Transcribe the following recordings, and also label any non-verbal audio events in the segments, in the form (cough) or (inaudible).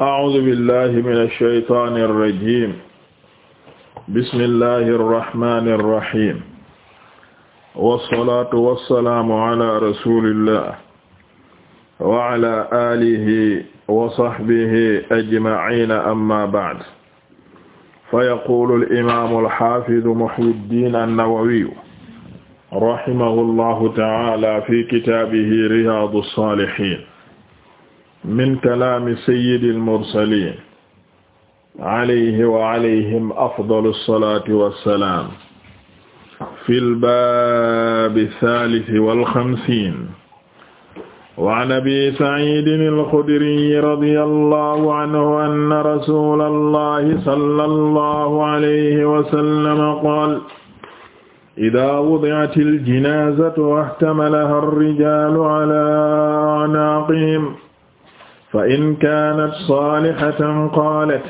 أعوذ بالله من الشيطان الرجيم بسم الله الرحمن الرحيم والصلاة والسلام على رسول الله وعلى آله وصحبه أجمعين أما بعد فيقول الإمام الحافظ محي الدين النووي رحمه الله تعالى في كتابه رياض الصالحين min kalaami sayyidil mursaliin alayhi wa alayhim afdalu salaati wa salaam fil baabi saalisi wal xamsiin wa an abii saciidin al-xudriyyi radiyallaahu canhu anna rasuulallaahi sallallaahu alayhi wa sallam qaala idaa wudicatil janaazatu ihtamalahaa ar-rijaalu calaa acnaaqihim fa in kaanat saalihatan qaalat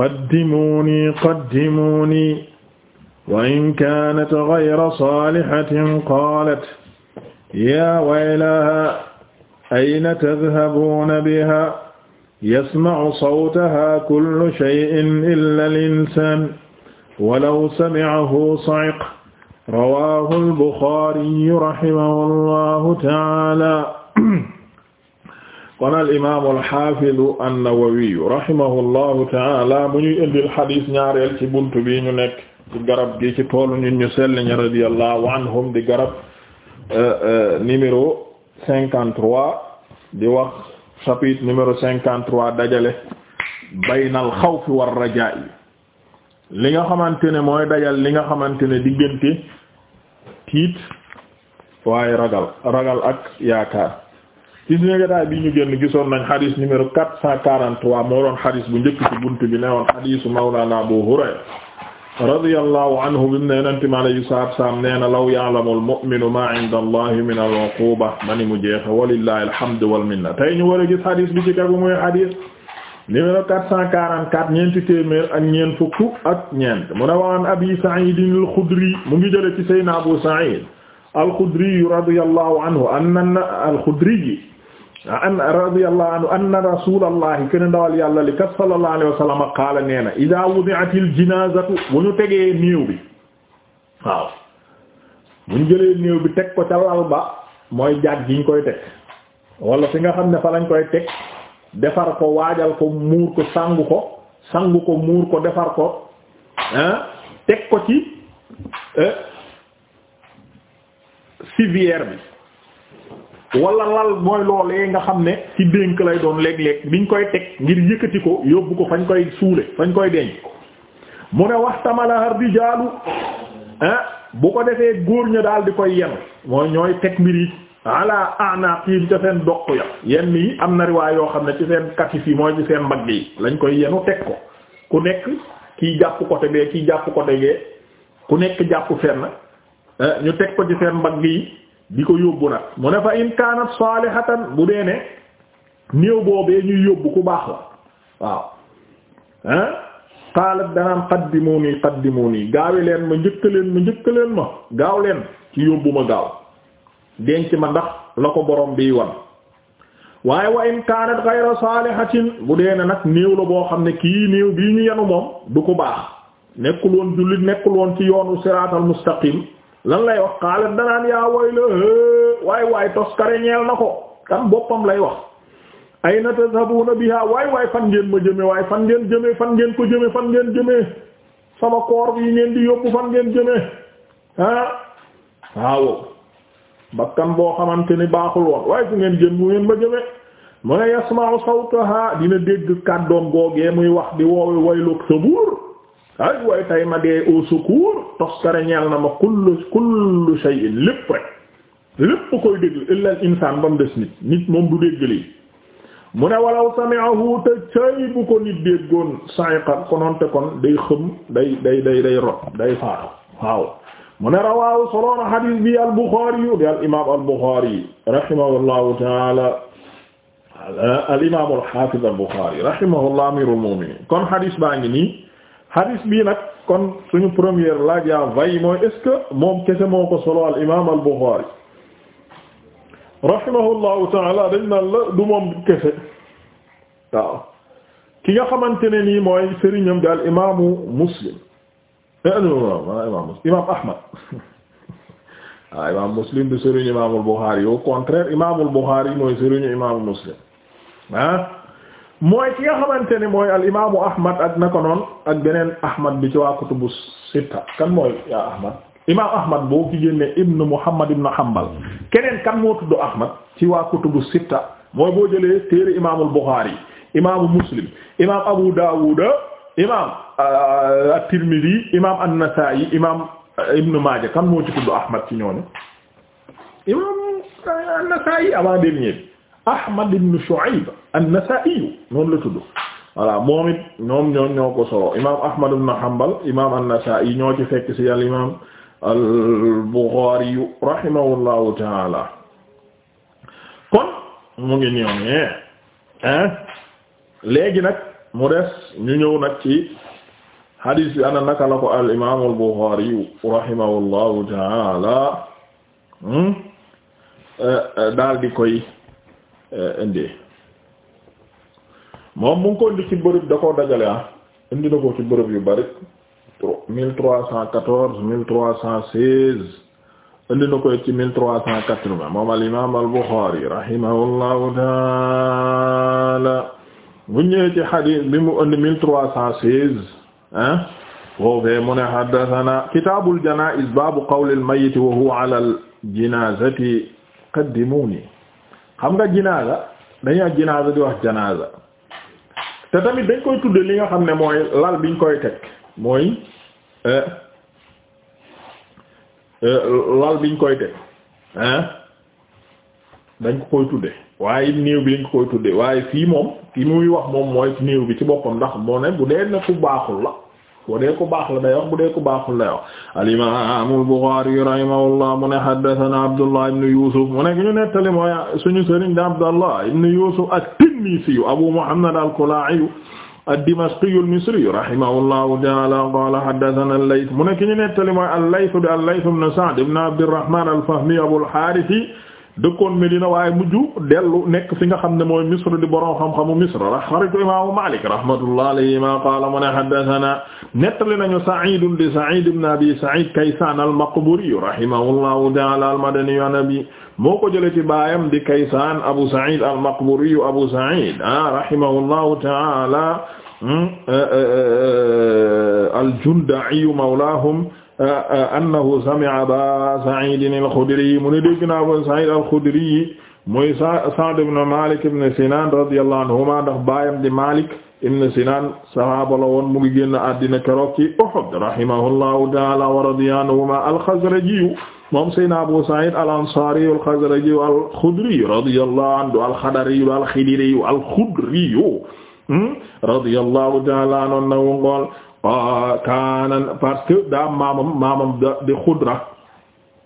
qaddimuunii qaddimuunii wa in kaanat ghayra saalihatin qaalat yaa waylahaa ayna tadhabuuna bihaa yasma'u sawtahaa kullu shay'in illaa al-insaan walaw sami'ahu sa'iqa rawaahu al-Buxaari rahimahu llaahu ta'aalaa (clears throat) kon al imaam al xaafidu an-Nawawiyu taala mu ñuy indil xadiis ñaareel ci bunt bi ñu nekk ci garab gi ci toolu ñun ñu sell ñi radiyallahu anhum di garab euh, euh, numéro cinquante di wax chapitre numéro cinquante dajale baynal xawfi war rajaa'i li nga xamante ne mooy dajal li nga xamante ne diggante tiit waaye ragal ragal ak yaakaar ci suñu jotaay bi ñu génn gisoon nañ xadis numéro 443 moo doon xadis bu njëkk ci buntu bi ne woon xadisu mawlana Abu Hurayra radiyallahu anhu bi mu ne yonente mi alayhi salaatu salaam nee na law ya'lamu al-mu'minu maa inda allahi min al-uquba mani mu jeexe walillahi alhamdu wal minna tey ñu war a gis xadis bi ci kagu muy xadis numéro 444 ñeenti téeméer ak ñeent ak ñeent mu ne waan Abi Sa'id al ngi jële ci Seydina Abu Sa'id al-Khudri radiyallahu anhu anna al an radiyallahu anhu anna rasulallahi kene ndawal yàlla li kat sallallahu alayhi wa sallam qaala nee na ida wudi'atil jinaazatu bu ñu tegee néew bi waaw bu ñu jëlee néew bi teg ko ca lal ba mooy jaat gi ñu koy teg wala fi nga xam ne fa lañ koy teg defar ko waajal ko muur ko sangu ko sangu ko muur ko defar ko ah teg ko ci euh, civière bi wala lal mooy loolee nga xam ne ci dénk lay doon léeg-léeg biñ koy teg ngir yëkkati ko yóbbu ko fañ koy suule fañ koy denc mu ne wax tamalaar rijaalu ah bu ko defee góor ña daal di koy yen mooy ñooy teg mbir yi ala a'naqihim ca seen doq ya yenn yi am na riwaay yoo xam ne ci seen katif yi mooy ci seen mbagg yi lañ koy yenu teg ko ku nekk kii jàpp côté bee kii jàpp côté bee ku nekk jàpp fenn eh, ñu teg ko ci seen mbagg yi di ko yóbbu nag mu ne fa in kaanat salihatan bu dee ne néew boobee ñuy yóbbu ku baax la waaw ah qaalat danaan qaddimuni qaddimuni gaawe leen ma njëkka leen ma njëkka leen ma gaaw leen ci yóbbu ma gaaw denc ma ndax la ko borom bi wan waaye wa in kaanat ghayra bu dee ne nag néew la boo xam ne kii néew bii ñu yenu moom du ku baax nekkul woon jullit nekkul woon ci yoonu siraatal mustaqim lan lay wax xaalat danaan yaa way la waay waay toskare ñeel na ko kan boppam lay wax ay na tadhabuna biha waay waay fan ngeen ma jëme waay fan ngeen jëme fan ngeen ko jëme fan ngeen jëme sama koor bi ngeen di yóbbu fan ngeen jëme ah waaw bakkan boo xamante ni baaxul woon waaye fu ngeen jëm fu ngeen ma jëme mu ne yasma'u sawtaha dina dégg kàddoom googee muy wax di woowe waylug sabuur ay waaye tay ma dee au secours toskare ñeel na ma kullu kullu shay'in lépp al insaan ba nit nit moom du dégg lii mu ne te cay bu ko nit déggoon sa'iqa kononte kon day xëm day day day day rot day faatu waaw mu ne bi al Buxaari yu al imaam al Buxaari rahimahullahu taala al imaam al xaafiz al Buxaari rahimahullah amirul mu'miniin kon xadiis baa ngi hadis bii nag kon suñu première laaj yaa vay mooy est moom kese moo ko solo al imaam al Buxaari rahimahullahu taala dañ naan la du moom kese waaw ki nga xamante ne nii mooy sëriñam di al imaamu Muslim eh, imaam Ahmad (laughs) imaam Muslim du sëriñu imaamul Buxaari au contraire imaamul Buxaari mooy sëriñu imaamu Muslim ah mooy ki nga xamante ne mooy al imaamu Ahmad ak naka noonu ak beneen Ahmad bi ci waa kutubu sitta kan mooy Ahmad imaam Ahmad boo ki génnee ibnu Muhammad ibnu Hanbal keneen kan moo tudd Ahmad ci waa kutubu sitta mooy boo jëlee téere imaamul Bukhari imaamu Muslim imaam Abu Dawud imaam euh, at-Tirmidhi imaam an-Nasa'i imaam euh, ibnu Maaja kan moo ci tudd Ahmad ci ñooñu imaam euh, an-Nasa'i avant dernier Ahmad ibn Shu'ayb an-Nasa'i noonu la tudd voilà moom it imaam Ahmad ibn Hanbal imaam an-Nasa'i ñoo ci fekk ci al imaam al-Bukhari rahimahullahu ta'ala kon mu ngi ñëw hein léegi nag mu des ñu ñëw nag ci hadith bi naka la al imaam al-Bukhari rahimahullahu ta'ala hmm? euh, euh, daal di koy. Eh, indee moom mu ngi ko dajale ah ko yu bari mille trois cent quatorze mille trois cent seize indi na koy ci mille trois cent quatre-vingts moom al imaam al Buxaari rahimahullahu taala bu ñëwee ci xadiis bi mu indi mille trois cent seize ah foofee mu ne haddasanaa kitaabul janaa'iz baabu qawlil mayyiti wa huwa alal jinaazati qaddimuunii xam nga jinaaza dañuy wax jinaaza di wax janaaza te tamit dañ koy tudd li nga xam ne mooy lal bi ñu koy teg mooy euh, euh, lal biñ koy teg hein dañ ko koy tudde waaye néew bi dañ ko koy tudde waaye fii moom ki muy wax moom mooy néew bi ci boppam ndax moo ne bu dee ne ku baaxul la bu dee ku baax la day wax bu dee ku baaxul day wax al-imaam al-Buxaari rahimahullah mu ne haddathana Abdullah ibn Yusuf mu ne ki ñu nettali mooy suñu sëriñ da Abdullah ibn Yusuf at-Tinnisi Abu Muhammad al-Kalaa'i ad-Dimashqi al-Misri rahimahullahu ta'ala qala haddathana al-Layth mu ne ki ñu nettali mooy al-Layth bi al-Layth ibn Sa'd ibn Abd al-Rahman al-Fahmi Abu al-Haaris dëkkoon Medina waaye mujj dellu nekk fi nga xam ne mooy Misr di borom xam-xamu Misr xaritu imaamu Maalik rahmatullah alayhi ma qaala mu ne haddathana nettali nañu Sa'id di Sa'id ibn Abi Sa'id Kaysaan al-Maqburi rahimahullahu ta'ala al-Madani anabi moo ko jëlee ci baayam di Kaysaan Abu Sa'id al-Maqburi Abu Sa'id ah, rahimahullahu ta'ala mm, eh, eh, eh, al-Junda'i mawlaahum annahu sami'a Aba Sa'id al-Khudri mu ne dégg naa Abu Sa'id al-Khudri muy Sa'd ibn Malik ibn Sinan radiyallahu anhuma ndax baayam di Malik ibn Sinan sahaaba la woon mu ngi génn àddina keroog ci Uhud rahimahullahu ta'ala wa radiya anhuma al-Khazraji moom Seydina Abu Sa'id al-Ansari al-Khazraji al-Khudri radiyallahu anhu al-Khadari al-Khidri al-Khudri hmm, radiyallahu ta'ala anhu kaana parce que daa maamam maamam di Xudra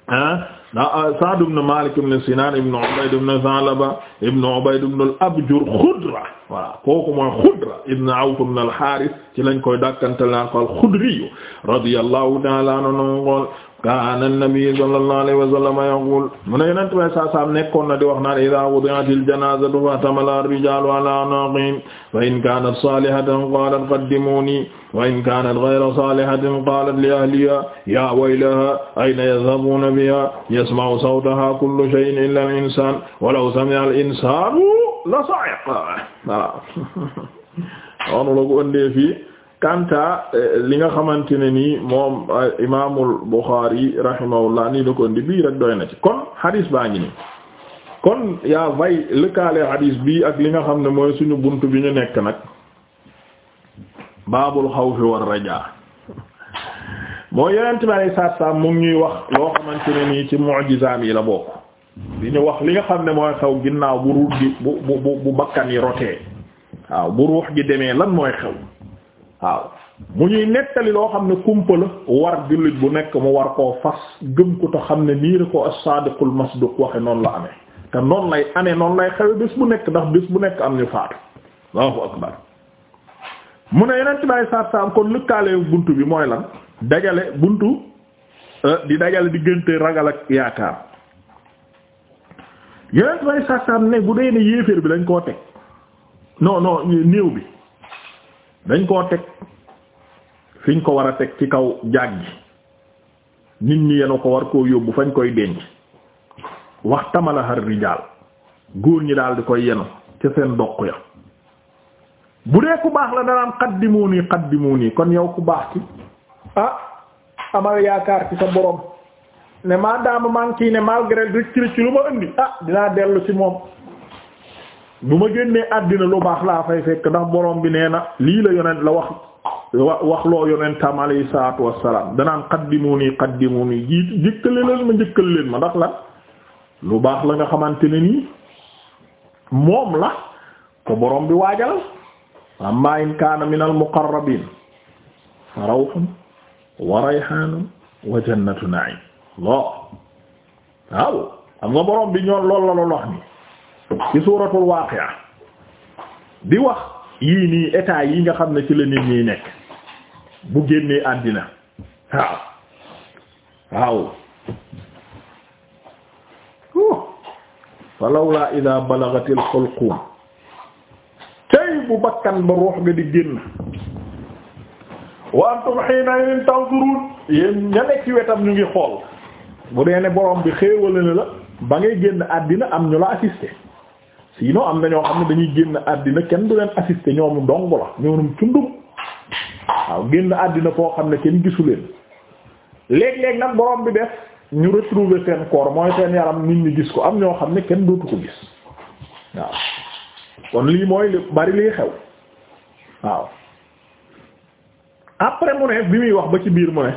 ah, ah Sa'd ibn Malik ibn Sinan ibn Ubayd ibn Zalaba ibn Ubayd ibn al-Abjar Xudra voilà kooku mooy Xudra ibn Awf ibn al-Harith ci lañ koy dàkkante la ko al-Xudri radiyallahu ta'ala anhu kaana an-nabi sallallahu alayhi wa sallam yaqul mu ne yonent bay saa saam nekkoon na di wax naan idaa wudi'atil janaazatu faxtamala ar-rijaalu ala a'naaqihim wa in kaanat saalihatan qaalat qaddimuunii wa in kaanat ghayra saalihatin qaalat li ahlihaa yaa waylahaa ayna yadhabuuna bihaa yasma'u sawtahaa kullu shay'in illaa al-insaan walaw sami'a al-insaanu la sa'iqa voilà noonu (laughs) la ko ëndee fii kanta eh, li nga xamante ne nii moom eh, imaamul Bukhari rahimahullah nii la ko indi bii rek doy na ci kon hadis baa ngi nii kon yaa vay lëkkaale hadis bii ak li nga xam ne mooy suñu bunt bi ñu nekk nag baabul xawfi war rajaa moo yeneen tibaari saat saam mu ngi ñuy wax loo xamante ne nii ci mu'jizaam yi la bokk di ñu wax li nga xam ne mooy xew ginnaaw bu ruut gi bu bu bu bakkan yi rotee waaw bu ruux gi demee lan mooy xew waaw mu ñuy nettali loo xam ne kumpa la war jullit bu nekk mu war koo fas gëm ko te xam ne nii la ko as-sadiqul masduq waxe noonu la amee te noonu lay amee noonu lay xewe bés bu nekk ndax bés bu nekk am ñu faatu Allahu akbar mu ne yeneen tibaay saat saam kon bi mooy lan dajale buntu euh, di dajale diggante ragal ak yaakaar yeneen tibaay ne bu dee ne yéeféer bi lañ koo teg non non néew bi dañ koo teg fiñ ko war a teg ci kaw jaag nit ñi yenu ko war koo yóbbu fañ koy denc wax tamala har rijaal góor ñi daal di koy yenu ca seen doq ya bu dee ku baax la danaan xaddimoo nii xaddimoo nii kon yow ku baax ci ah amal yaakaar ci sa borom ne maa daama maa ngi ciy ne malgré rëcc rëcc lu ma indi ah dinaa dellu ci moom bu ma génnee àddina lu baax laa fay fekk ndax borom bi nee na lii la yonent la wax wa wax loo yonentam alayhi salaatu wassalaam danaan qaddimu nii qaddimu nii jiit jëkkale leen ma njëkkal leen ma ndax lan lu baax la nga xamante ne nii moom la ko borom bi waajal amma in kaana min al muqarrabin fa rawhun wa wa jannatu na'im lo waaw xam nga borom bi ñoon lool la loolu wax ni ci suuratul waaqi'a di wax yii nii état yi nga xam ne ci la nit ñi nekk bu génnee àddina waaw waaw falawlaa idaa balagatil xulquum tey bu bakkan ba ruux nga di génn wa antum hiina idin tanzurun yéen ña nekk ci wetam ñu ngi xool bu dee ne borom bi xéewal na la ba ngay génn àddina am ñu la assister sinon am na ñoo xam ne dañuy génn àddina kenn du leen assister ñoom dong la ñoom tundum waaw génn àddina koo xam ne kenn gisu leen léeg-léeg nag borom bi def ñu retrouver seen corps mooy seen yaram nit ñi gis ko am ñoo xam ne kenn dootu ko gis waaw kon lii mooy li bari liy xew waaw après mu ne bi muy wax ba ci biir mu ne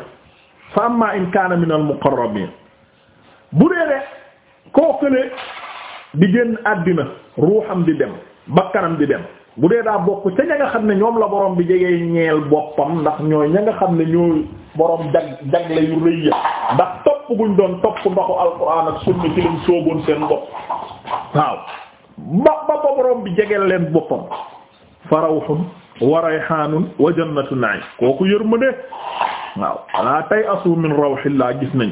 fa amma in kaana al muqarrabin bu dee de koo kële di génn àddina ruuxam di dem bakkanam di dem bu dee daa bokk ca ña nga xam ne ñoom la borom bi jegee ñeel boppam ndax ñooy ña nga xam ne ñooy borom jag jagle yu rëy ndax topp guñ doon topp ndoxu alquran ak sunna ci lañ soogoon seen bopp waaw ba ba borom bi jegeel leen boppam farawxun wa rayxaanun wa jannatu na'iim kooku yërmande waaw walaa tey asu min rawxillah gis nañ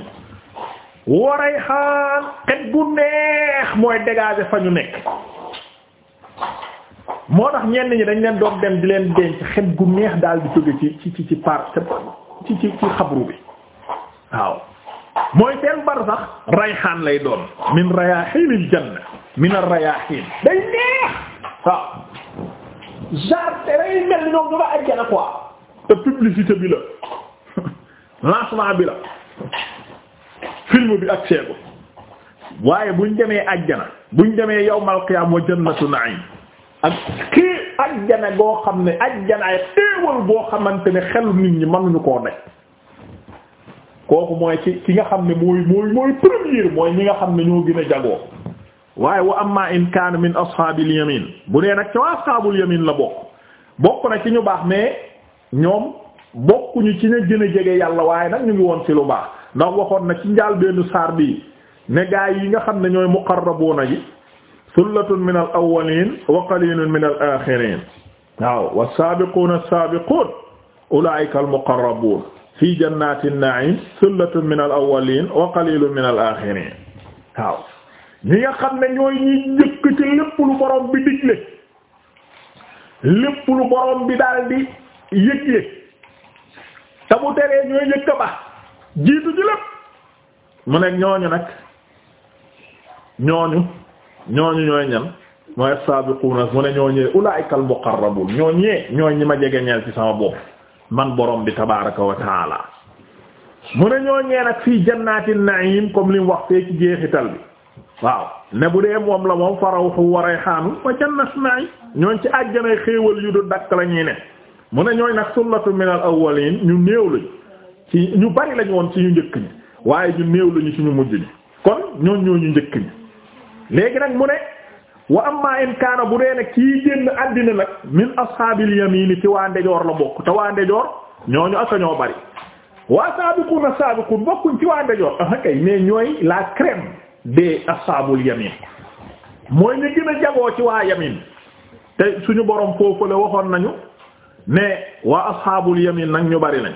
waray xaan xet bu neex mooy dégager fa ñu nekk moo tax ñenn ñi dañ leen doon dem di leen denc xet gu neex daal di jóge ci ci ci ci ci ci xabru bi waaw mooy seen bar sax rayxaan lay doon min rayaxinil janna min ar-rayaxin day neex waaw genre day mel ni ñoom ñu nga ajjana quoi te publicité bi la (laughs) lancement bi la film bi ak seegu waaye buñ demee ajjana buñ demee yawmal qiyaam wa jannatu na'im ak kii ajjana xam ne ajjanaay xéewal boo xamante ni xelu nit ñi mënuñu ko daj kooku mooy ci ki nga xam ne mooy mooy mooy mooy ñi nga xam ne ñoo gën a jagoo waaye wa amma in kaana min ashaabil yamin bu nee nag ci waa ashaabul yamin la bokk bokk na ci ñu baax mais ñoom bokkuñu ci ñu gën a jege yàlla waaye nag ñu ngi woon ci lu baax ndax waxoon na ci njaal benn saar bi ne gaay yi nga xam ne ñooy muqarrabuuna yi sullatun min al awwalin wa qalilun min al axirin waaw wassaabiquuna assaabiquun ulaa'ika al muqarrabuun fi jannati na'im sullatun min al wa qalilun min al axirin ñi nga xam ne ñooy ñi njëkk ci lépp lu borom bi digle lépp lu borom bi daal di yëgle te bu teree ñooy njëkk ba jiitu ji lépp mu nekk ñooñu nag ñooñu ñooñu ñooy ñan mooy as-sabiquna mu ne ñooñee ulaa'ikal muqarrabun ñooñee ñooy ma jege ñeel ci sama bopp man borom bi tabaaraka wa mu ne ñooñee nag fii jannatin na'im comme li mu wax fee ci jeexital bi waaw ne bu dee moom la moom farawhu wa rayhaanu wa jannatun na'im ñooñ ci àjjanay xéewal yu du dakk la ñuy ne mu ne ñooñ nag sullatu minal awwalin ñu néew lañu ci ñu bari lañu woon ci ñu njëkk ñi waaye ñu néew lañu ci ñu mujj ñi kon ñooñ ñu njëkk ñi léegi nag mu ne wa amma in kaana bu dee nag kii génn àddina nag min ashaabil yamini ci waa ndejoor la bokk te waa ndejoor ñooñu ak ñoo bari waa saabiquna saabiqun bokkuñ ci waa ndejoor ah kay mais ñooy la crème des ashaabul yamin mooy ñu gën a jagoo ci waa yamin te suñu borom foofu la waxoon nañu ne waa ashaabul yamin nag ñu bari nañ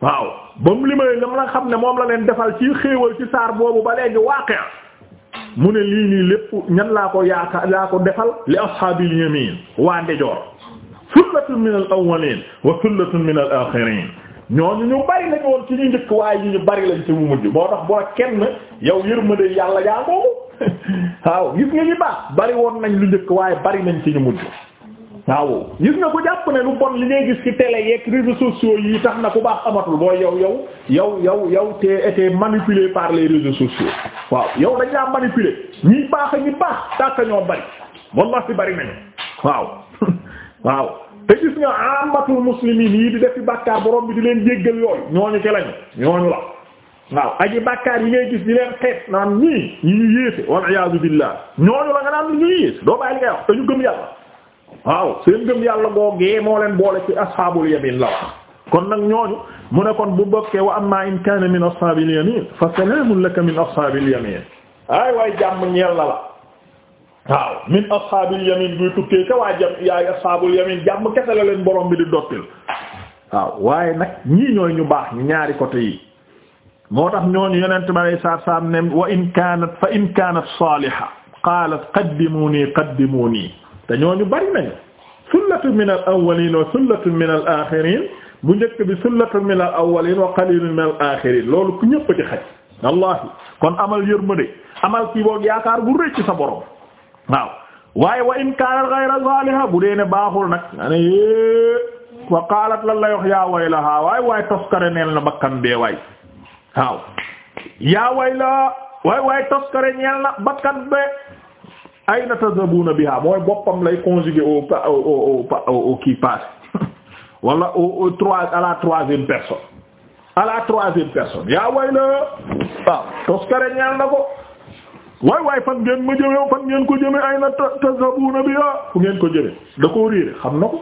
waaw ba mu limalee dama la xam ne moom la leen defal ci xéewal ci saar boobu ba léegi waaqi' mu ne lii nii lépp ñan laa ko yaaka laa ko defal li ashaabil yamiin waa ndejoor sullatun min al awwaliin wa sullatun min al aaxiriin ñooñu ñu bari lañu woon ci ñu njëkk waaye ñu ñu bari lañ ci mu mujj moo tax boo kenn yow yërmande yàlla yaa ngoogu (laughs) waaw gis nga ñu baax bari woon nañ lu njëkk waaye bari nañ ci ñu mujj waaw gis nga ku jàpp ne lu bon li ngay gis ci télé yeeg réseaux sociaux yi tax na ku baax amatul mooy yow yow yow yow yow t'es été manipulé par les réseaux sociaux waaw yow dañ laa manipulé ñi baax a ñi baax tàkka ñoo bari wallahi si bari nañu waaw (laughs) waaw te gis nga amatul muslimin yi di def ci bàkkaar borom bi di leen jéggal yooyu ñooñu ci lañu ñooñu la waaw aji bàkkaar yi ngay gis di leen xeet naan nii ñu yéese wal iyaazu billah ñooñu la nga naan ni ñu yées waaw seen ngëm yàlla googee moo leen boole ci ashaabul yamin la wax kon nag ñooñu mu ne kon bu bokkee wa amma in kaana min ashaabil yamin fa salaamun laka min ashaabil yamin ay waay jàmm la la min ashaabil yamin buy tukkee ca waa jam yaay ashaabul yamin jàmm kese la leen borom bi di dottil waaw waaye nag ñii ñooy ñu baax ñu ñaari côté yi moo tax ñooñu yonent bi alayhi salaatu salaam ne wa in kaanat fa in kaanat saaliha qaalat qaddimuni qaddimuni te ñooñu bari nañu sullatun min al awwalin wa sullatun min al axirin bu njëkk bi sullatun min al wa qalilun min al axirin loolu ku ñëpp ci xaj wallahi kon amal yërmande amal kii boog yaakaar bu rëcc sa borom waaw waaye wa in kaanat ghayra saliha baaxul nag wa qaalat lan la yox yaa waylaha waay waay toskare neel na bakkan bee waay waaw yaa wayla waay waay toskare ñeel na bakkan bee ayna tadhabuna biha mooy boppam lay conjugué au au au au kii passé (laughs) wala o au trois à la troisième personne à la troisième personne yaa way toskare ñaan na ko waay waay fan ngeen ma jëmee fan ngeen ko jëmee ayna tadhabuna biha fu ngeen ko jëmee da koo réere xam na ko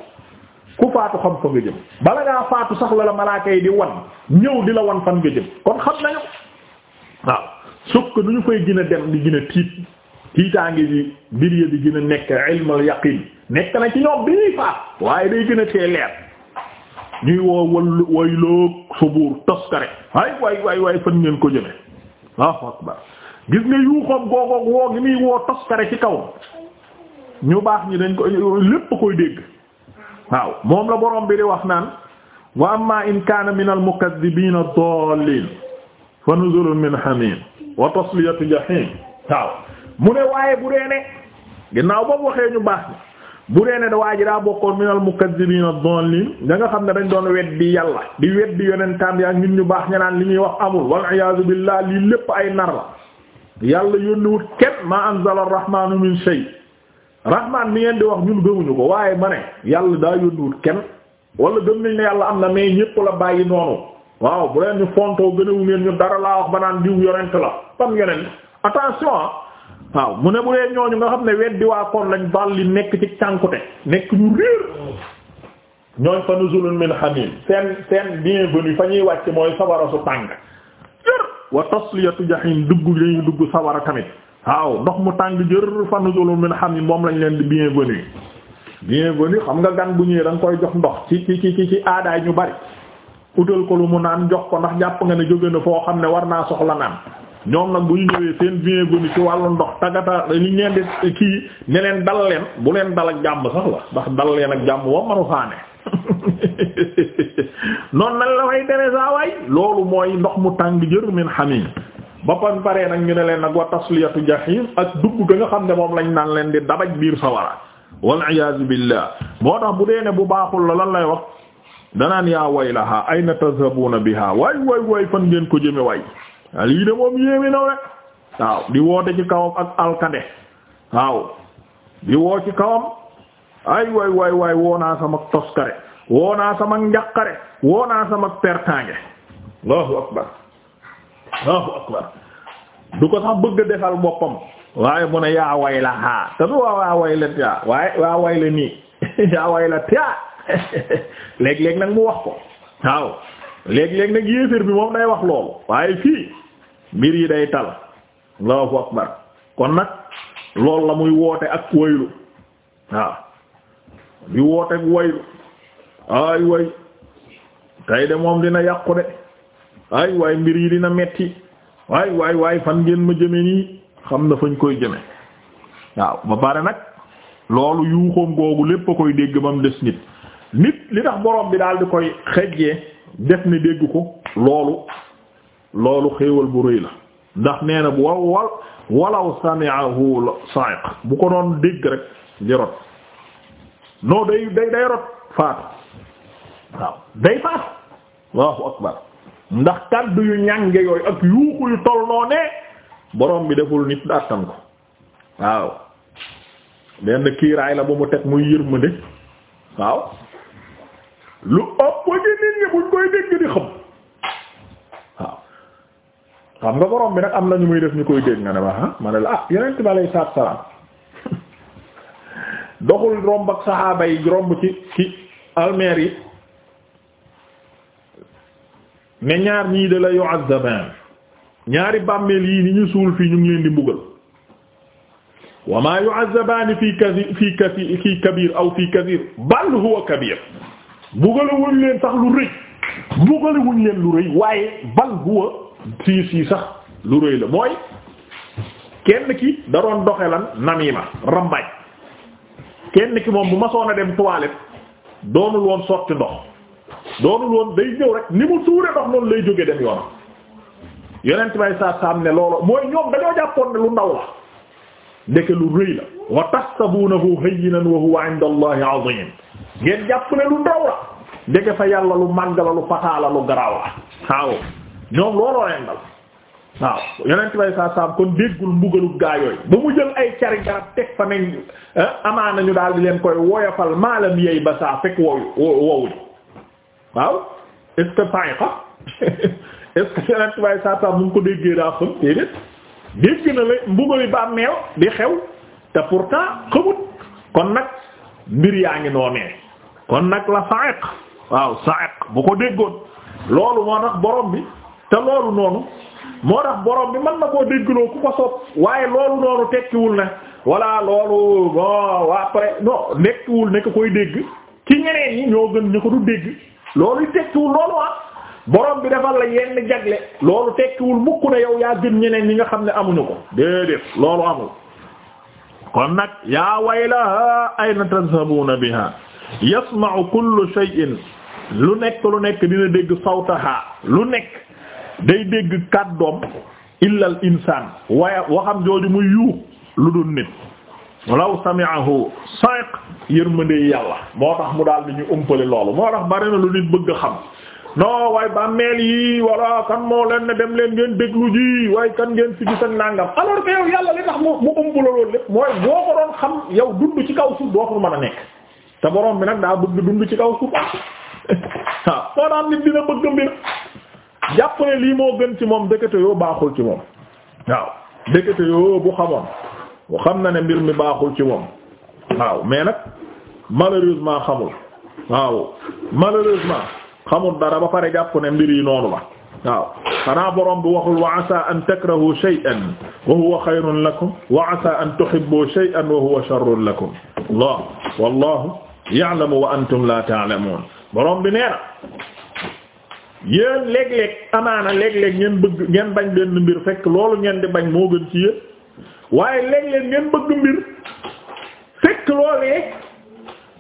ku faatu xam fa nga jëm bala ngaa faatu sax la la malaaka yi di wan ñëw di la wan fan nga jëm kon xam nañu waaw sukk du ñu fay gën a di gën tiit tiitaange ji mbir ya gën a nekk ilmal yaqin nekk na ci ñoom bii faat waaye day gën a tee leer ñuy woo wal subuur toskare ay waay waay fan ngeen ko jëme Allahu akbar gis nga yuuxoom googoog woo gi muy woo toskare ci kaw ñu baax ñi dañ ko lépp koy dégg waaw moom la borom bi di wax naan wa amma in kaana min al mukaththibina ad-dallin fa nuzulun min hamim wa tasliyatu jahim waaw mu ne waaye bu dee ne ginnaaw boobu waxee ñu baax bu dee ne waa ji daa bokkoon minal mukazzibina dallin da nga xam ne dañ doon weddi yàlla di weddi yonentam yaa ñun ñu baax ñu naan li ñuy wax amul wal iyaazu billah lii lépp ay nar la yàlla yónniwut kenn ma anzala rahmaanu min shay rahmaan ni ngeen di wax ñun gëmuñu ko waaye ba ne yàlla daa yónniwut kenn wala gëm nañ ne yàlla am na mais ñépp la bàyyi noonu waaw bu leen ñu fontoo gënewu ngeen ñu dara laa wax ba naan diw yonent la waaw mu ne bu dee ñooñu nga xam ne weddi waa kon lañ dal li nekk ci cànkute nekk ñu réer ñooñ fa nuzulun min hamim seen seen bienvenu fa ñuy wàcc mooy sawara su tàng jër wa tasliyatu yi dugg lañuy dugg sawara tamit waaw ndox mu tàng jër fa nuzulun min hamim moom lañ leen di bienvenu bienvenu xam nga gan bu ñëwee da nga koy jox ndox ci ci ci ci aadaay ñu bari utal ko lu mu naan jox ko ndax jàpp nga ne jóge na foo xam ne war naa soxla ñoom nag bu ñu ñëwee seen bienvenu ci wàllu ndox tagata li ñu di kii ne leen dal leen bu leen dal ak jàmm sax la ndax dal leen ak jàmm moom manu faane (laughs) noonu nan la way tere saa ndox mu tàng jër min xamiim nag ñu ne leen nag wa tasliyatu jahim ak dugg ga xam ne moom lañ naan leen di dabaj biir sawara wal iyaazu billah moo tax bu dee ne bu baaxul la lan lay wax danaan yaa waylaha ayna tadhabuna biha waay waay waay fan ngeen ko jëme waay lii de moom yéeme na rek waaw di woote ci kawam ak alkande waaw di woo ci kawam ay waay waay waay woo naa sama toskare woo naa sama njaqare woo naa sama pertange allahu akbar allahu akbar du ko sax bëgg defal boppam waaye mu ne yaa way la haa te du waa way la taa waaye waa way nii (laughs) yaa way la taa (laughs) léeg nag mu wax ko waaw léeg-léeg nag yéeféer bi moom day wax loolu waaye fii mbir yi day tal allahu akbar kon nag loolu la muy woote ak waylu waaw di woote ak waylu ay way tay de moom dina yàqu de ay way mbir yi dina metti waay waay waay fan ngeen ma jëme nii xam na fañ koy jëme waaw ba pare nag loolu yuuxoom googu lépp a koy dégg ba mu des nit nit li tax borom bi daal di koy xejjee def ne dégg ko loolu loolu xéewal bu rëy la ndax nee na bu wal walaw sami'ahu sa'iq bu ko doon dégg rek di rot non day day day rot faatu waaw day faatu Allahu akbar ndax kaddu yu ñànge yooyu ak yuuxu yu toll noo borom bi deful nit attan ko waaw benn kiiraay la ba mu teg muy yërmande waaw lu ëpp ci nit ñi buñ koy dégg di xam xam nga borom bi nag am na ñu muy def ñu koy dégg nga ne ma ah ma la ah yonent bi alayhi salaatu salaam (laughs) doxul romb ak saxaaba yi romb ci ci almeer yi ne ñaar ñii de la yu'azzaban ñaari bàmmeel yi ni ñu suul fii ñu leen di mbugal wa ma yu'azzaban fii kabi fii kabi fii kabir aw fii kabir bal huwa kabir mbugalewuñ leen sax lu rëy mbugalewuñ leen lu rëy waaye bal huwa sii sii sax lu rëy la mooy kenn ki da doon doxe lan namima rambaaj kenn ki moom bu masoon a dem toilette doonul woon sotti ndox doonul woon day ñëw rek ni mu tuure ndox noonu lay jóge dem yoonam yonent bay saa saam ne loolu mooy ñoom dañoo jàppoon ne lu ndaw la ndeke lu rëy la wa tahsabunahu hayyinan wa huwa 'inda allahi 'azim ngeen jàpp ne lu ndaw la ndege fa yàlla lu màgg la lu fataa la lu garaaw la waaw ñoom looloo leen dal waaw yonent bay saa kon déggul mbugalu gaa yooyu ba mu jël ay cari garab teg fa nañ eh, amaana ñu daal di leen koy woyofal maalam yeey ba saa fekk wowu wowu waaw est-ce que (laughs) est-ce que saa saam ko déggee daa xam déedéet dégg na la mbugali ba meew di xew te pourtant xamut kon nag mbir yaa ngi noonee kon nag la sa'iq waaw sa'iq bu ko déggoon loolu moo tax borom bi te loolu noonu moo tax borom bi mën na koo déggloo ku ko waaye loolu noonu tekkiwul na walla loolu bon après non nekkiwul nekk koy dégg ci ñeneen ñi ñoo gën ñu ko du dégg loolu tekkiwul loolu ah borom bi defal la yenn jagle loolu tekkiwul mukk ne yow yaa gën ñeneen yi nga xam ne amuñu ko déedéet loolu amul kon nag yaa waylaha ayna tadhabuna biha yasma'u kullu shay'in lu nekk lu nekk dina dégg sawtaha lu nekk day dégg kàddoom illa al insaan waaye waxam jooju muy yuux lu dul nit law sami'ahu sa'iq yërmandey yàlla moo tax mu daal di ñu umpale loolu moo tax bari na lu nit bëgg xam non waaye bàmmeel yi walla kan moo leen dem leen ngeen déglu ji waaye kan ngeen fi gis ak nangam alors que yow yàlla li tax mu umpale loolu lépp mooy boo ko doon xam yow dund ci kaw suuf dootul mën a nekk te borom bi nag daa bëgg dund ci kaw suuf waaw soo daan nit dina bëgg mbir jàpp ne lii moo gën ci moom dëkkate yoo baaxul ci moom waaw dëkkate yoo bu xamoon bu xam na ne mbir mi baaxul ci moom waaw mais nag malheureusement xamul waaw malheureusement xamul dara ba pare jàpp ne mbir yi noonu la waaw xanaa borom bi waxul wa asa an takrahu shay'an wa huwa khayrun lakum wa asa an tuhibbu shay'an wa huwa sharrun lakum Allah wallahu ya'lamu wa antum la ta'lamun borom bi nee na yéen léeg-léeg amaana léeg-léeg ngeen bëgg ngeen bañ benn mbir fekk loolu ngeen di bañ moo gën ci yéen waaye léeg-léeg ngeen bëgg mbir fekk loolee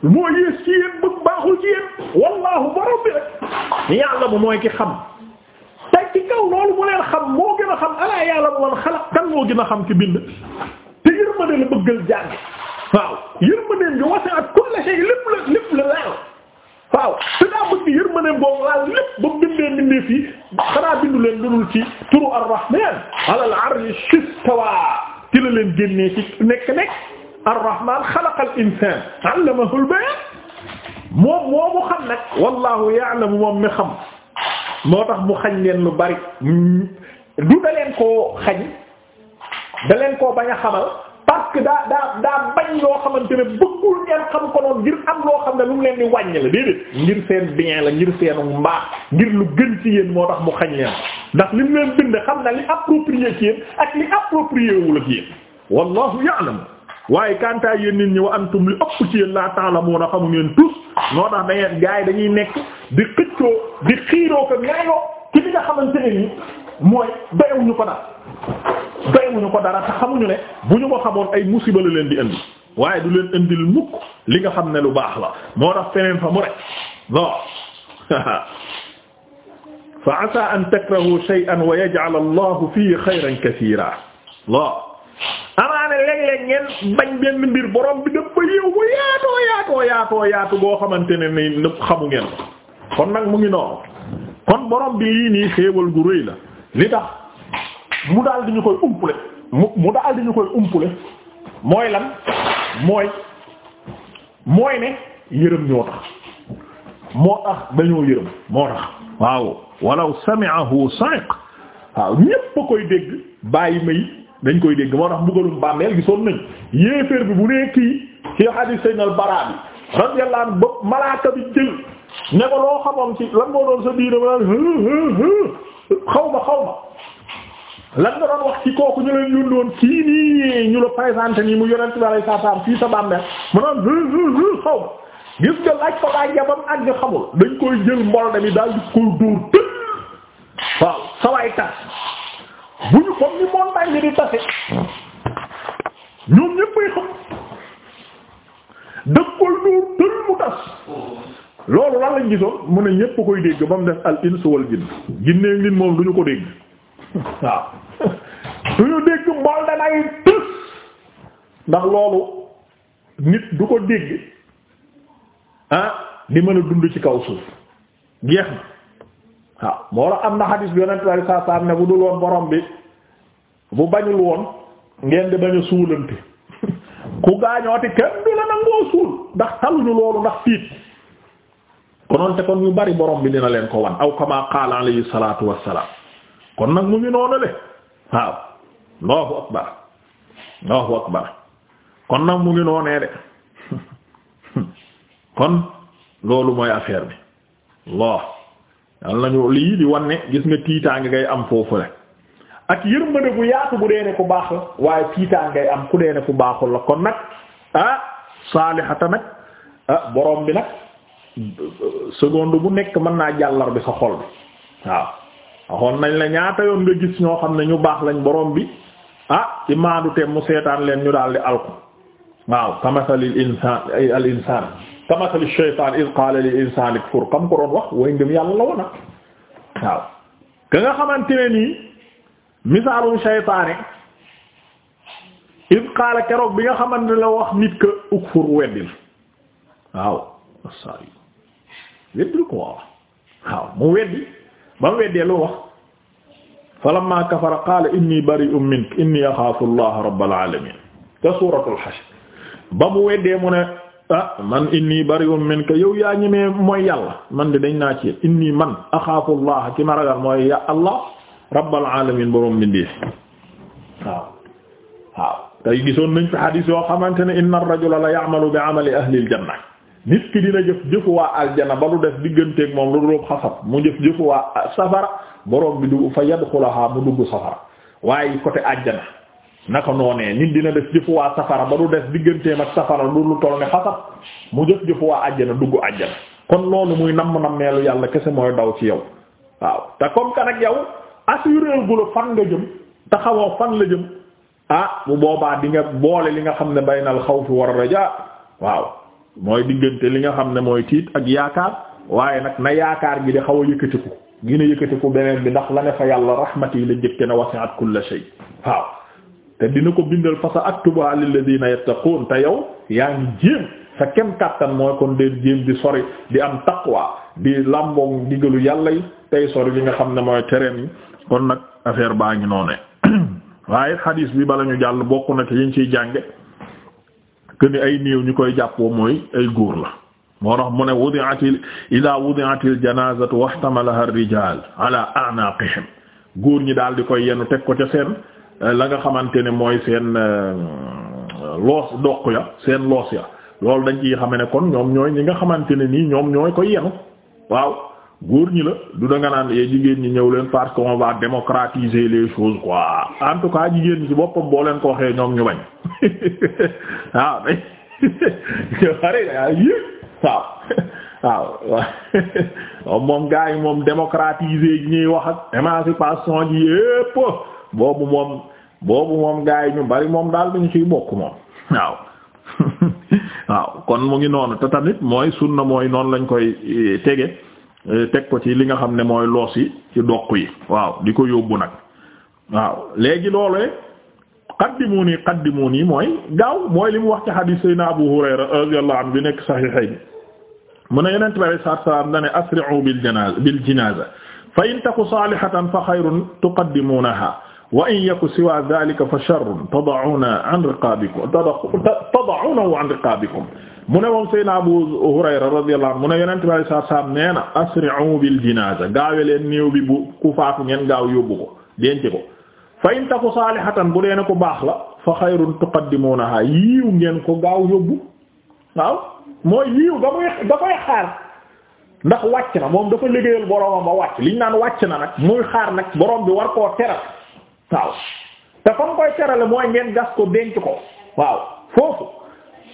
moo yées ci yéen baaxul ci yéen wallaahu borom bi rek ya'lamu mooy ki xam te ci kaw loolu mu leen xam moo gën a xam alaa ya'lamu man xalaq kan moo gën a xam ci bind te yërmande la bëggal jàng waaw yërmandeem bi wasi'at kulla shay lépp la lépp la laal waaw te daa bëgg yërmandeem boobu laal lépp ba bindee bindee fii xanaa bindu leen dudul ci turu ar-rahman ala al-arsh istawa ci la leen génnee ci nekk-nekk ar-rahman xalaqa moom moomu xam nag wallahu ya'lamu moom mi xam moo tax mu xañ leen lu bari mm, du da koo xañ da leen koo bañ a xamal parce que daa daa daa bañ loo xamante ne bëggul ngeen xam ko noonu ngir am loo xam ne lu mu leen di wàññi la déedéet ngir seen bien la ngir seen mbaax ngir lu gën ci yéen moo tax mu xañ leen ndax li mu leen bind xam na li approprié ci yéen ak li approprié wul ak yéen wallahu ya'lam waaye kantaay yéen nit ñi wa antum li ëpp ci yéen laa a xamu ngeen tous noo tax da ngeen gaay dañuy nekk di xëccoo di xiiroo ko ngaayoo ki li nga xamante ne ni mooy ko daal doywuñu ko dara te xamuñu ne bu ñu ko xamoon ay musiba la leen di indi waaye du leen indil mukk li nga xam ne lu baax la moo tax feneen fa mu rek bon (laughs) fa asa an takrahu shay'an wa yaj'al allahu fihi xayran kathiira bon amaane léeg benn mbir borom bi dëpp yaatu boo xamante ne ni nëpp xamu ngeen kon nag mu ngi noonu kon borom bi lii nii xéewal li tax mu daal di ñu koy umpule mu mu daal di ñu koy umpule mooy lan mooy mooy ne yërëm ñoo tax moo tax dañoo yërëm moo tax waaw walaw sami'ahu sa'iq waaw ñépp a koy dégg bàyyi may dañ koy dégg moo tax mbugalum bàmmeel gisoon nañ yéeféer bi bu nee kii ci hadith sayyidina al-Bara bi radiyallahu anhu bi jël ne ko loo xamoon ci lan moo doon sa diina ma naan xaw ma xaw ma lan nga doon wax ci kooku ñu leen yónnoon fii nii ñu la présenté nii mu yonent bi alayhi salaam fii sa bàmmeel mu xaw gis nga laaj ko laaj yabam ak ñu xamul dañ koy jël mbolde mi daal di koy dóor tëj waaw sawaay tas bu ñu comme ni montagne bi di tase ñoom ñëppay koy mu tas loolu lan koy dégg ba mu def al insu wal jinn nit moom duñu ko dégg waaw duñu dégg mbool danay tës ndax loolu nit du ko dégg ah di mën a dund ci kaw suuf geex na waaw moo la am na xadiis bi yonent bi saa saa ne bu dul woon borom bi bu bañul woon ngeen di bañ a suulante (laughs) ku gaañooti kenn du la nangoo suul ndax taluñu loolu ndax tiit konoon te kon ñu bari borom bi dina leen ko wan aw kama qaala alayhi salaatu wassalaam kon nag mu ngi noonu le waaw Allahu akbar Allahu akbar kon nag mu ngi noonee de (laughs) kon loolu mooy affaire bi Allah yal nañu lii di wanne gis nga tiitaange ngay am foofu la ak yërmande bu yaatu bu dee ne ku baax la waaye tiitaange ngay am ku dee ne ku baaxul la kon nag ah saalihata nag ah borom bi nag seconde bu nekk mën naa jàllar bi sa xol bi waaw waxoon nañ la ñaata nga gis ñoo xam ne ñu baax lañ borom bi ah ci maadu te mu seetaan leen ñu daal di alku waaw kamasali insaan al insaan kamasali shaytaan iz qaala lil insaani kfur kam ko doon wax way ngëm yàlla la woon waaw ka nga xamante ne nii misaalum shaytaane iz qaala keroog bi nga xamante la wax nit ka ukfur weddil waaw wasaay waaw mu weddi ba mu weddee lu wax falamma kafara qaala inni bari'un minka inni axaafu allaha rabbal alamin te suuratul hashr ba mu weddee mu ne ah man inni bari'un minka yow yaa ñemee mooy yàlla man de dañ naa ci inni man axaafu allaha ki ma ragal mooy ya allah rabbal alamin borom bindee waaw waaw tey gisoon nañ fi hadith yoo xamante ne inna ar-rajula la ya'malu bi amali ahli al-janna nit ki dina jëf jëfu waa aljana ba du def digganteeg moom lu dul xasab mu jëf jëfu waa safara borom bi du fa yadxulaha mu dugg safara waaye côté aljana naka noonee nit dina def jëfu waa safara ba du def digganteem ak safara lu dul toll ne mu jëf jëfu waa dugg aljana kon loolu muy namm nammeelu yàlla kese mooy daw ci yow waaw te comme que nag yow assuré gu la fan nga jëm te xamoo fan la jëm ah bu boobaa di nga boole li nga xam ne nal xaw xawfi war rajaa waaw. mooy diggante li nga xam ne mooy tiit ak yaakaar waaye nag na yaakaar gi di xaw a yëkkatiku gina yëkkatiku beneen bi ndax la ne fa yàlla rahmati yi la njëkke na wasi'at kulla shay waaw te dina ko bindal fa sa aktuba lilladina yattaqun te yow yaa ngi jéem sa kem kàttan mooy kon dee jéem di sori di am taqwa di làmboog digalu yàlla yi tey sori li nga xam ne mooy terrain yi kon nag affaire baa ngi noonee (clears throat) waaye xadiis bi bala ñu jàll bokk na ci ciy jànge que ni ay néew ñu koy jàppoo mooy ay góor la moo tax mu ne wudi'atil ila wudi'atil janazatu waxtamalaha ar-rijal ala a'naqihim góor ñi daal di koy yenu teg ko ca seen eh, la nga xamante ne mooy seen eh, loos doq ya seen loos ya loolu dañ ciy xame ne kon ñoom ñooy ñi nga xamante ne nii ñoom ñooy koy yenu waaw góor ñi la du da nga naan yee jigéen ñi ñëw leen parce qu'on va démocratiser les choses quoi en tout cas jigéen ñi ci boppam boo leen ko waxee ñoom ñu bañ waaw day yi waaw waaw (laughs) moom gars yi moom démocratiser gi ñuy wax ak émancipation ji yépp boobu moom boobu moom gars yi ñu bari moom daal duñu ciy bokk moom waaw (laughs) waaw kon mu ngi noonu te tamit mooy sunna mooy noonu lañ koy eh, tege Eh, teg ko ci li nga xam ne mooy loos yi ci doq yi waaw di ko yóbbu nag waaw léegi loolee qaddimuni qaddimuni mooy gaaw mooy li mu wax ci hadith sayna Abu Hurayra radiyallahu anhu bi nekk sahihayn mu ne yonent bi alayhi salaatu wa salaam dane asri'u bil janaaza bil janaaza fa in taku saalihatan fa xayrun tuqaddimuunaha wa in yaku siwa dhalika fa sharrun tada'uunahu an riqaabikum tada'uunahu an riqaabikum mu ne moom Seydina Abu Hurayra radiyallahu anhu mu ne yonent bi sallallahu alayhi wasallam nee na asri'u bil jinaza gaawe leen néew bi bu ku faatu ngeen gaaw yóbbu ko denc ko fa in taku salihatan bu dee ne ko baax la fa xayrun tuqaddimunaha yiiw ngeen ko gaaw yóbbu waaw mooy yiiw da muy xaar ndax wàcc na moom dafa liggéeyal boroomam ba wàcc liñ naan wàcc na nag muy xaar nag boroom bi war koo teral waaw te fa mu koy terale mooy ngeen gas ko denc ko waaw foofu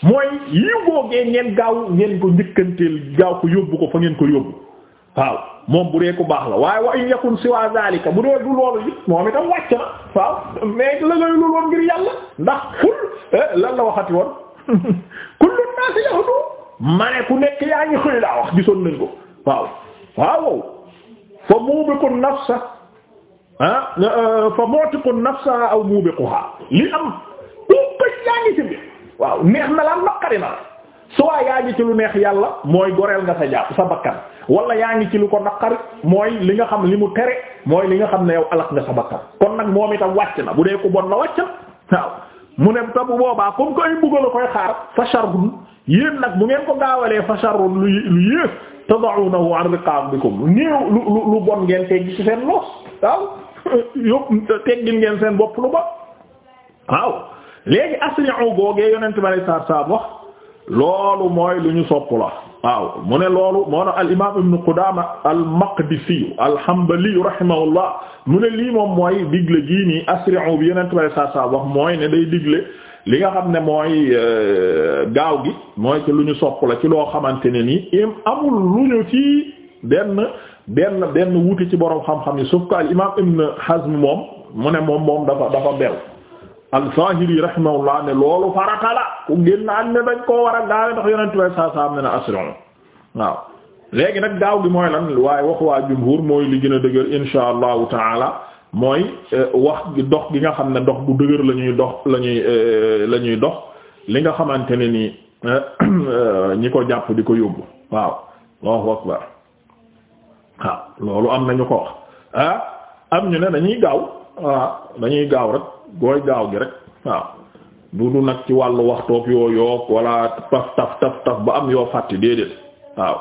mooy yiw boogee ngeen gaaw ngeen ko njëkkanteel gaaw ko yóbbu ko fa ngeen ko yóbbu waaw moom bu dee ku baax la waaye wa in yakun siwa zalika bu dee du loolu it moom itam wàcc na waaw mais la ngay lu woon ngir yàlla ndax kul eh, lan la waxati woon (laughs) kullu naasi yahdu ma ne ku nekk yaa ngi xëy laa wax gisoon nañ ko waaw waaw fa muubiqun nafsa ah, eh, fa mu'tiqun nafsa aw muubiquha li am ku ko yaa ngi ci biir waaw neex na la naqari na la soit yaa ngi ci lu neex yàlla mooy goreel nga sa jàpp sa bakkan wala yaa ngi ci lu ko naqari mooy li nga xam li mu tere mooy li nga xam ne yow alak nga sa bakkan kon nag moom itam wàcc na bu dee ku bon la wàcc na waaw mu ne ta boobaa comme que ay mbugal a koy xaar fa sharrun yéen nag bu ngeen ko gaawalee fa sharrun lu lu yées tad'unahu an riqabikum néew lu lu lu bon ngeen teggi ci seen loos waaw (laughs) yóbbu teggil ngeen seen léegi asri'u googee yonent bi alayhi salaatu salaam wax loolu mooy lu ñu sopp la waaw mu ne loolu moo tax al imaam ibnu Qudaama al Maqdisi al Hanbali mu ne lii moom mooy digle gii nii asri'u bi yonent bi alayhi salaatu salaam wax mooy ne day digle li nga xam ne mooy euh, gaaw gi mooy ci lu ñu sopp la ci loo xamante ne nii im amul lu ñu ci benn benn benn wuute ci boroom xam-xam yi sauf que al imaam ibnu moom mu ne moom moom dafa dafa bel al-Zahiri rahimahullah ne loolu farata la ku génnaan ne dañ koo war a gaawe ndax yonent way saa saa am ne na assurance waaw léegi nag gaaw gi mooy lan waaye wax waa jumhur mooy li gën a dëgër insha allahu taala mooy eh, wax dox gi nga xam ne dox bu dëgër la ñuy dox la ñuy eh, la dox li nga xamante ne nii eh, (coughs) ñi ko jàpp di ko yóbbu waaw Allahu akbar loolu am nañu ko wax ah, am ñu ne dañuy gaaw waaw ah, dañuy gaaw rek gooy gaaw gi rek waaw du du nag ci wàllu waxtoog yoo yoog wala taf taf taf taf ba am yoo fàtte déedéet waaw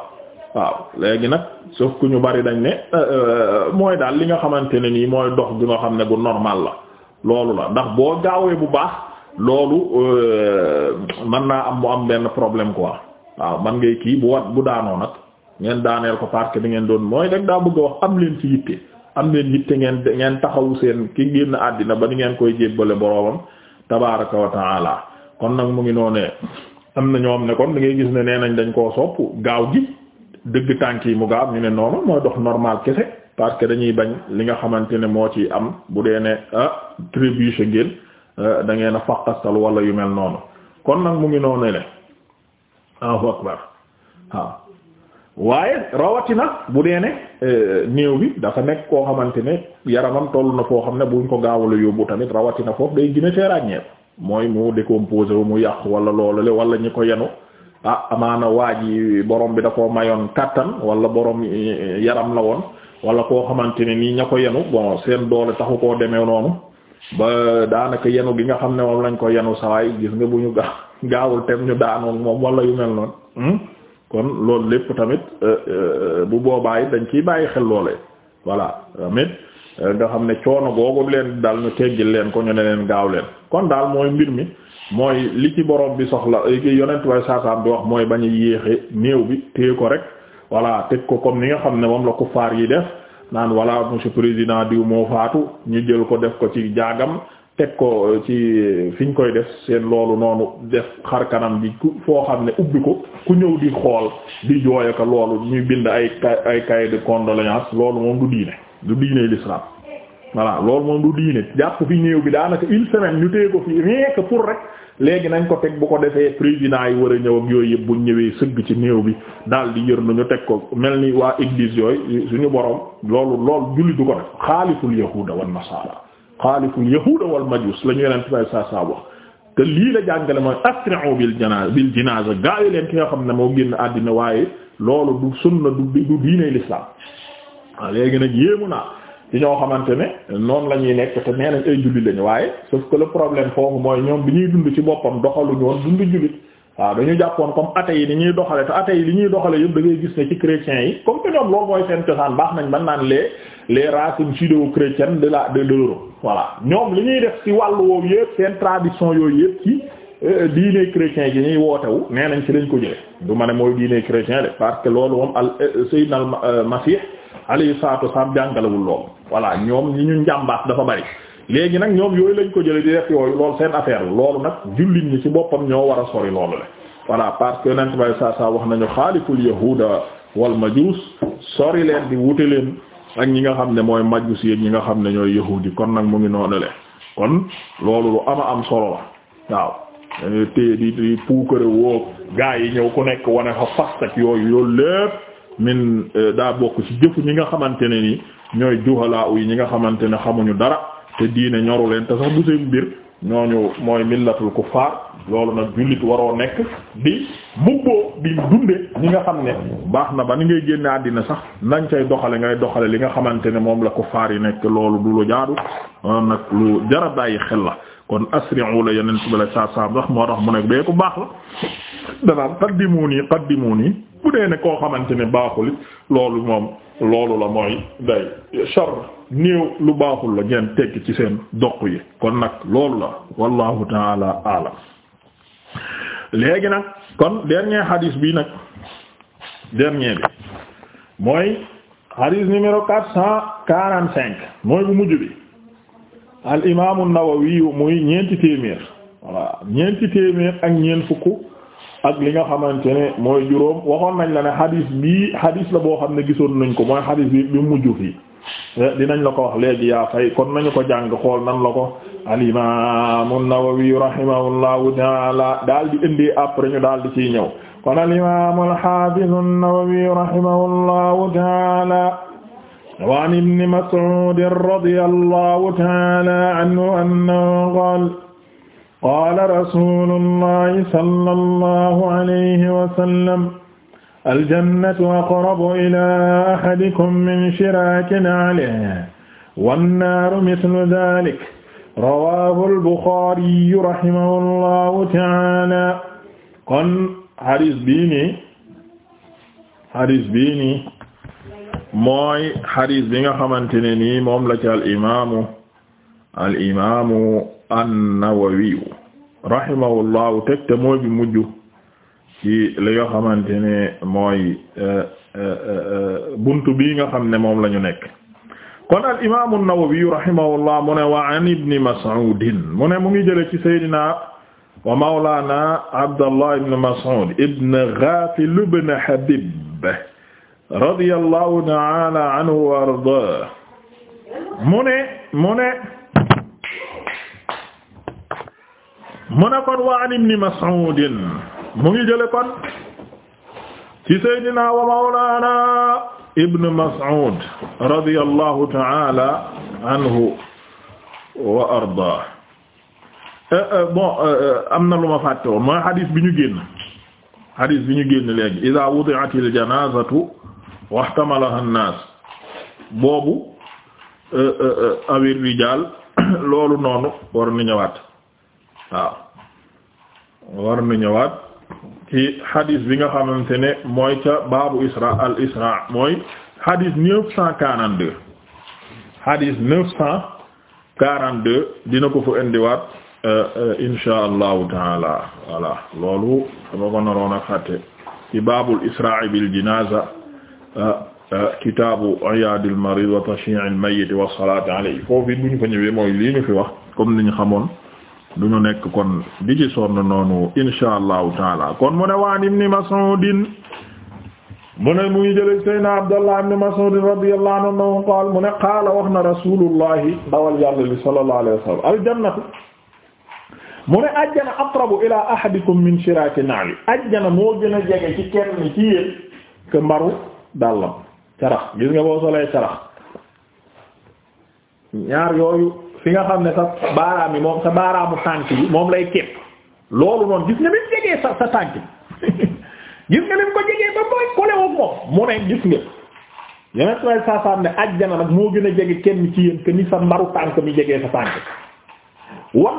waaw léegi nag sauf ku ñu bari dañ ne euh, euh, mooy daal li nga xamante ne nii mooy dox gi nga xam ne bu normal la loolu la ndax boo gaawee bu baax loolu euh, man naa am mu am benn problème ko quoi waaw man ngay kii bu wat bu daanoo nag ngeen daaneel ko parce que ngeen doon mooy rek daa bëgg a wax am leen ci yitte am leen yitte ngeen ngeen taxawu seen ki génn àddina ba ni ngeen koy jébbale boroomam tabaraka wa taala kon nag mu ngi noonee am na ñoom ne kon da ngay gis ne nee nañ dañ koo sopp gaaw gi dëgg tànk yi mu gaaw ñu ne noonu mooy dox normal kese parce que dañuy bañ li nga xamante ne moo ci am bu dee ne ah trébuché ngeen ah, da ngeen a faqastal wala yu mel noonu kon nag mu ngi noonee le Allahu waaw waaye rawatina bu dee ne euh, néew bi dafa nekk koo xamante ne yaramam toll na foo xam ne buñ ko gaawala yóbbu tamit rawatina foofu day gën a teeraññeeku mooy mu décomposé wu mu yàqu wala loolu le wala ñi ko yenu ah amaana waa ji borom bi da koo mayoon kàttan wala borom eh, eh, yaram la woon wala koo xamante ne nii ña ko yenu bon seen doole taxu koo demee noonu ba daanaka yenu gi nga xam ne moom lañ ko yenu sawaay gis nga bu ñu gaawul tem ñu daanoon moom wala yu mel noonu hmm? kon loolu lépp tamit euh, euh, bu boobaa dañ kiy bàyyi xel loolee voilà tamit euh, nga xam ne coono googu leen dal ñu teggil leen ko ñu ne leen gaaw leen kon daal mooy mbir mi mooy li ci borom bi soxla yonent way saasaam bi wax mooy bañ a yéexe néew bi téye ko rek voilà teg ko comme ni nga xam ne moom la ko faar yi def naan voilà monsieur président diw moo faatu ñu jël ko def ko ci jaagam teg ko euh, ci euh, fi ñu koy def seen loolu noonu def xar kanam bi ku foo xam ne ubbi ko ku ñëw di xool di jooy ko loolu ñuy bind ay ay kay de condoléances loolu moom du diine du diine l'islam voilà loolu moom du diine jàpp fi néew bi daanaka une semaine ñu téye ko fi rien que pour rek léegi nañ ko teg bu ko defee président yi war a ñëw ak yooyu yëpp bu ñëwee sëgg ci néew bi daal di yër ñu teg ko mel ni waa église yooyu ñu borom loolu loolu julli du ko def xaalisul yahuda wan xaaliful yahuuda wal majuus la ñu yeneen tubaab saa saa wax te lii la jàngale mooy asri'u bil janaaza bil leen ki nga xam ne moo génn àddina waaye loolu du sunna du du diiney lislaam waaw ah, léegi nag yéemu naa ci ñoo xamante ne noon la ñuy nekk te nee nañ ay jullit lañu waaye sauf que le problème foofu mooy ñoom bi ñuy dund ci boppam doxalu woon dund jullit. waaw dañu jàppoon comme athées yi ni ñuy doxale te athées yi li ñuy doxale yëpp da ngay gis ne ci chrétiens yi comme que ñoom loolu mooy seen cosaan baax nañ man naan les les racines judéo-chrétiennes de la de l'Europe voilà ñoom li wàllu woowu seen tradition yooyu yëpp ci euh, diine chrétien yi ñuy wootewu nee nañ ci lañ ko jële du ma ne mooy diine chrétien parce que loolu moom al euh, sayyidna al euh, masih alayhi salatu wasallam jàngalewul loolu voilà ñoom ñi ñu njàmbaas dafa bari léegi nag ñoom yooyu lañ ko jële di def yooyu loolu seen affaire loolu nag jullit ñi ci boppam ñoo war a sori loolu la voilà parce que yonent bay saa saa wax nañu xaaliful yahuda wal majuus sori leen di wute leen ak ñi nga xam ne mooy majuus yi ñi nga xam ne ñooy yahudi kon nag mu ngi noonu le kon loolu lu ama am solo la waaw dañuy di di puukare woo gaa yi ñëw ku nekk wane fa fastak yooyu yooyu lépp min eh, daa bokk ci jëfu ñi nga xamante ne ni ñooy juhalaa yi ñi nga xamante ne xamuñu dara te diine ñoru leen te sax du seen mbir ñooñu mooy millatul kuffar loolu nag jullit waroo nekk di mbubboo di dunde ñi nga xam ne baax na ba ni ngay génne àddina sax nañ cay doxale ngay doxale li nga xamante ne moom la kuffar yi nekk loolu du lu jaadu loolu nag lu jara xel la kon asri'u la yeneen subala sa sam wax moo tax mu nekk dee ku baax la danaan qaddimuni qaddimuni bu dee ne koo xamante ne baaxul loolu moom loolu la mooy day char néew lu baaxul la ngeen tekk ci seen doq yi kon nag loolu la wallahu taala alam léegi nag kon dernier hadith bi nag dernier bi mooy hadith numéro quatre cent quarante cinq mooy bu mujj bi al imaamu Nawawi muy ñeenti téeméer voilà ñeenti téeméer ak ñeent fukk ak li nga xamante ne mooy juróom waxoon nañ la ne hadith bii hadith la boo xam ne gisoon nañ ko mooy hadith bi mu mujj fii Eh, dinañ la ko wax léegi yaa fay kon nañu ko jàng xool nan la ko al imam an-Nawawi rahimahullahu taala daal di indi après ñu daal di ciy ñëw kon al imam al-Hafiz an-Nawawi rahimahullahu taala wa an ibn Mas'ud radiyallahu taala anhu annahu qala qala rasulullahi sallallahu alayhi wa sallam aljannatu aqrabu ilaa ahadikum min shiraakin alayhi wannaaru mislu daalik rawaahu albuxaari rahimahullahu taala kon hadis bii nii hadis bii nii mooy hadis bi nga xamante ne nii moom la ci al'imaamu al'imaamu an-Nawawi rahimahullahu teg te mooy bi mujj. ci li nga xamante ne mooy euh, euh, euh, buntu bii nga xam ne moom la ñu nekk kon al imaamu an-Nawawi rahimahullah mu ne wa an ibni Mas'udin mu ne mu ngi jële ci Seydina wa mawlana Abdallah ibn Mas'ud ibn Ghafil ibn Habib radiyallahu ta'ala anhu wa ardaah mu ne mu ne mu ne kon wa an ibni Mas'udin mu ngi jële kon ci Seydina wa Mawlana Ibn Mas'ud radiyallahu ta'ala anhu wa arda eh, eh, bon eh, am na lu ma fàtte woon mooy xadis bi ñu génn xadis bi ñu génn léegi iza wudi'atil janazatu waxtamalaha an-nas boobu awir rijal (coughs) loolu noonu war na ñëwaat waaw war na ñëwaat ci hadith bi nga xamante ne mooy ca baabu isra al isra mooy hadith neuf cent quarante deux hadith neuf cent quarante deux dina ko fa indiwaat euh, euh, insha allahu taala voilà loolu dama ko naroon a fàtte ci baabul israa bil jinaza euh, kitaabu iyaadil marid wa tashyi'il mayyit wa salaati alayhi foofu it ñu fa ñëwee mooy lii ñu fi wax comme ni ñu xamoon du ñu nekk kon di noonu insha taala kon mu ne waan ibn Mas'ud mu ne muy jële Abdallah ibn Mas'ud radiyallahu anhu qaal mu ne qaala wax na rasulullahi dawal yàlla li sallallahu alayhi wa sallam aljannatu mu ne ajjana aqrabu ila ahadikum min shiraki na'li ajjana moo gën a jege ci kenn ke mbaru dàllam carax gis nga boo solee carax yooyu fi nga xam ne sa baaraam yi moom sa baaraamu tànk yi moom lay képp loolu noonu gis nga ni mu sa sa tànk bi (laughs) gis nga ni mu ko jegee ba mooy collé woog moom mu ne gis nga yeneen sa lay saasaam ne ajjana nag moo gën a jege kenn ci yéen que ni sa mbaru tànk mi jegee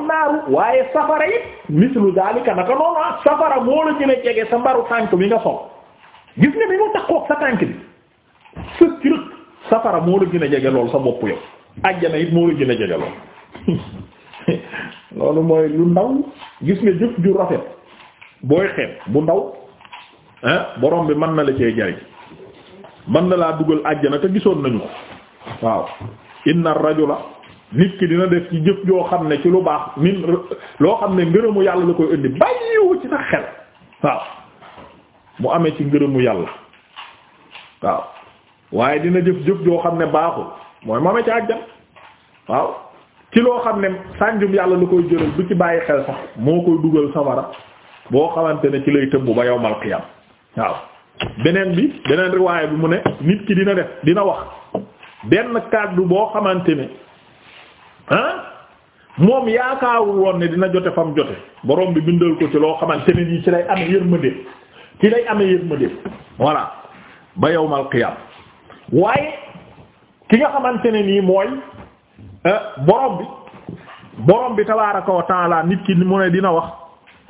naaru waaye safara it mislu daalika naka noonu ah safara moo la gën a jege sa mbaru tànk bi nga sol gis nga ni mu taxaw sa tànk bi sa safara moo la gën a jege loolu sa bopp yow. ajjana it moo la gën loolu mooy lu ndaw gis nga jëf ju rafet booy xeet bu ndaw ah borom bi mën na la cee jariñ mën na laa dugal ajjana te gisoon nañu ko waaw inna la nit ki dina def ci jëf joo xam ne ci lu baax min loo xam ne ngërëmu yàlla la koy indi bàyyiwu ci sax xel waaw mu amee ci ngërëmu yàlla waaw waaye dina jëf jëf joo xam ne baaxul mooy moome ci àjjan waaw ci loo xam ne sànjum yàlla lu koy jëlal du ci bàyyi xel sax moo koy dugal safara boo xamante ne ci lay tëmb ba yowmal qiyam waaw beneen bi beneen riwaaya bi mu ne nit ki dina def dina wax benn kàddu boo xamante ne ah moom yaakaarul woon ne dina jote mu jote boroom bi bindal ko ci loo xamante ne nii ci lay amee yërmande ci lay amee yërmande voilà ba yowmal qiyam waaye ki nga xamante ne nii mooy eh, borom bi borom bi tabaaraka wa nit ki mu ne dina wax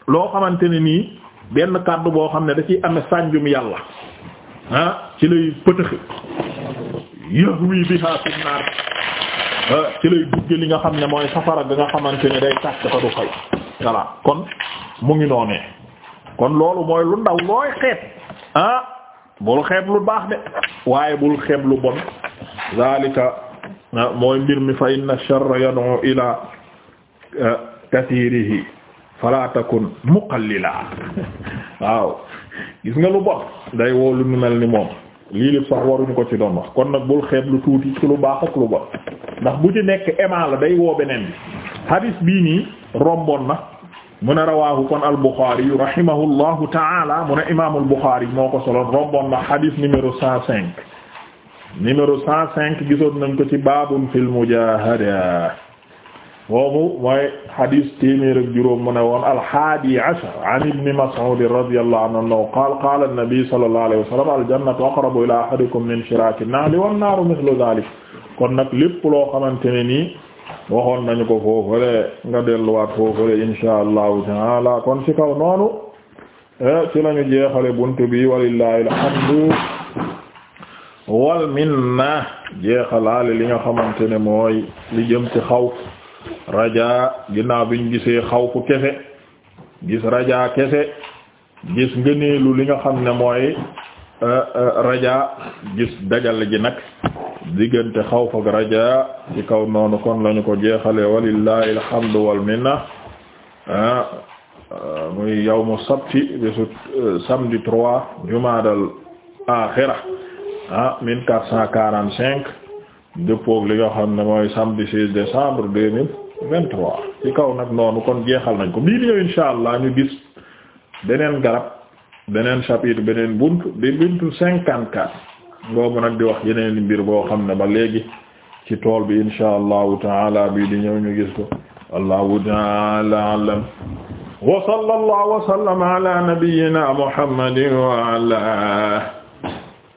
loo xamante ne nii benn kàddu boo xam ne da ciy ame sànjum yàlla ah ci lay pëtëxi yahwi biha fi naar eh, ci lay dugge li nga xam ne mooy safara ga nga xamante ne day tàkk te du fay voilà kon mu ngi noonee kon loolu mooy lu ndaw looy xeeb ah bul xeeb lu baax de waaye bul xeeb lu bon zalika mooy mbir mi fa inna sharra yad'u ila eh, kathirihi fala takun muqallila waaw gis nga lu bon day woo lu mel ni moom lii lépp sax waruñu ko ci doon wax kon nag bul xeeb lu tuuti ci lu baax lu bon ndax bu ci nekk ema la day woo beneen bi hadis bii nii romboon na mu ne rawaahu kon al-Bukhari rahimahullahu taala mu ne imaamul Bukhari moo ko soloon romboon na hadis numéro cent numéro cent cinq gisoon nañ ko ci baabun fil mujaahada boobu mooy hadis téeméer ak juróom mu ne woon alhaadi ashar an ibni Mas'ud radiyallahu anhu qaala qaala an-nabi sallallahu alayhi wa sallam al-jannatu aqrabu ila ahadikum min shiraaki an-naali wan-naaru mithlu dhaalik kon nag lépp loo xamante ne nii waxoon nañu ko foofule nga delluwaat foofule inshaa Allahu taala kon ci kaw noonu eh, ci lañu jeexale buntu bi walillahi alhamdu wal minna jeexalaale li nga xamante ne mooy li jëm ci xawf raja ginnaaw biñ gisee xawfu kese gis raja kese gis ngëneelu li nga xam ne mooy euh, euh, raja gis dajal ji nag diggante xaw ak raja ci kaw noonu kon lañu ko jeexale walillahi alhamdu wal minna ah, euh, muy yawmu sabti bisu samedi trois jumaadal axira Ah, cent 1445 cinq li nga xam ne mooy samedi 16 décembre 2023 ci kaw nag noonu kon jeexal nañ ko bii di ñëw insha allah ñu gis beneen garab beneen chapitre beneen buntu di buntu 54 boobu nag di wax yeneen mbir boo xam ne ba léegi ci tool bi insha allahu taala bii di ñëw ñu gis ko allahu taala alam wa sallallahu wa sallama ala nabiyyina